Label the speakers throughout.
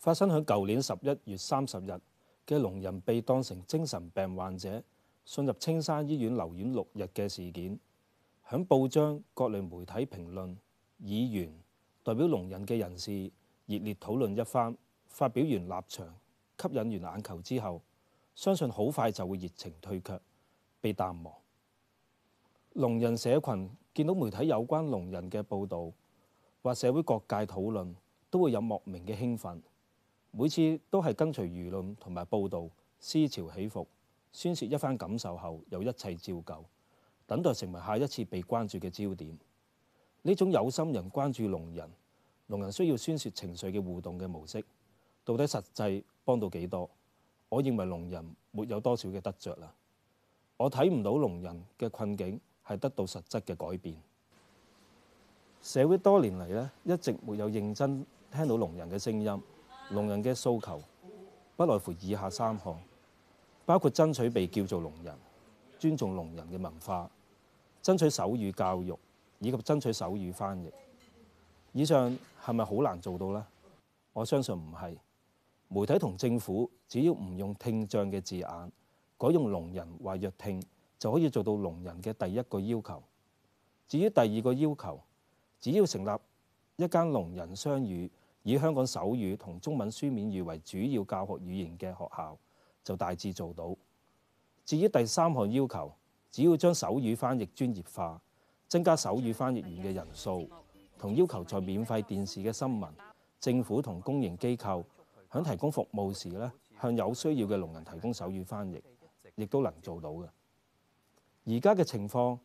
Speaker 1: 發生喺舊年十一月三十日嘅聾人被當成精神病患者，送入青山醫院留院六日嘅事件，響報章、各類媒體評論、議員代表聾人嘅人士熱烈討論一番，發表完立場，吸引完眼球之後，相信好快就會熱情退卻，被淡忘。聾人社群見到媒體有關聾人嘅報導或社會各界討論，都會有莫名嘅興奮。每次都係跟隨輿論同埋報道，思潮起伏，宣泄一番感受後，又一切照舊，等待成為下一次被關注嘅焦點。呢種有心人關注聾人，聾人需要宣泄情緒嘅互動嘅模式，到底實際幫到幾多？我認為聾人沒有多少嘅得着啦。我睇唔到聾人嘅困境係得到實質嘅改變。社會多年嚟呢，一直沒有認真聽到聾人嘅聲音。聾人嘅訴求不外乎以下三項，包括爭取被叫做聾人、尊重聾人嘅文化、爭取手語教育以及爭取手語翻譯。以上係咪好難做到呢？我相信唔係。媒體同政府只要唔用聽障嘅字眼，改用聾人或弱聽，就可以做到聾人嘅第一個要求。至於第二個要求，只要成立一間聾人雙語。以香港手語同中文書面語為主要教學語言嘅學校就大致做到。至於第三項要求，只要將手語翻譯專業化，增加手語翻譯員嘅人數，同要求在免費電視嘅新聞、政府同公營機構響提供服務時咧，向有需要嘅聾人提供手語翻譯，亦都能做到嘅。而家嘅情況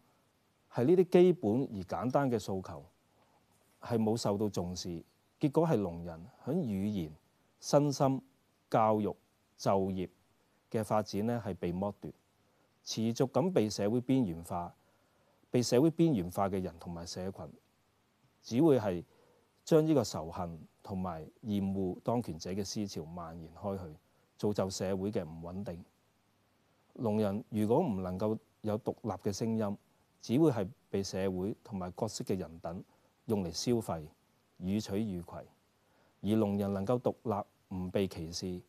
Speaker 1: 係呢啲基本而簡單嘅訴求係冇受到重視。結果係聾人喺語言、身心、教育、就業嘅發展咧，係被剝奪，持續咁被社會邊緣化。被社會邊緣化嘅人同埋社群，只會係將呢個仇恨同埋厭惡當權者嘅思潮蔓延開去，造就社會嘅唔穩定。聾人如果唔能夠有獨立嘅聲音，只會係被社會同埋各式嘅人等用嚟消費。予取予攜，而聾人能夠獨立唔被歧視，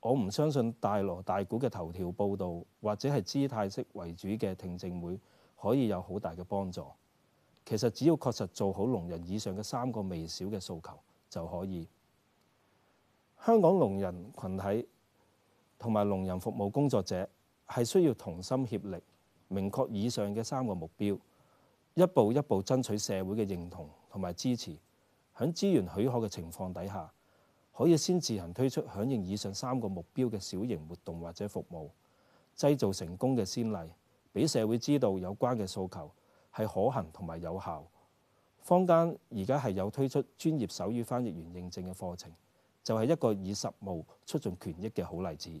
Speaker 1: 我唔相信大鑼大鼓嘅頭條報導或者係姿態式為主嘅聽證會可以有好大嘅幫助。其實只要確實做好聾人以上嘅三個微小嘅訴求就可以。香港聾人群體同埋聾人服務工作者係需要同心協力，明確以上嘅三個目標，一步一步爭取社會嘅認同同埋支持。喺資源許可嘅情況底下，可以先自行推出響應以上三個目標嘅小型活動或者服務，製造成功嘅先例，俾社會知道有關嘅訴求係可行同埋有效。坊間而家係有推出專業手語翻譯員認證嘅課程，就係一個以實務促進權益嘅好例子。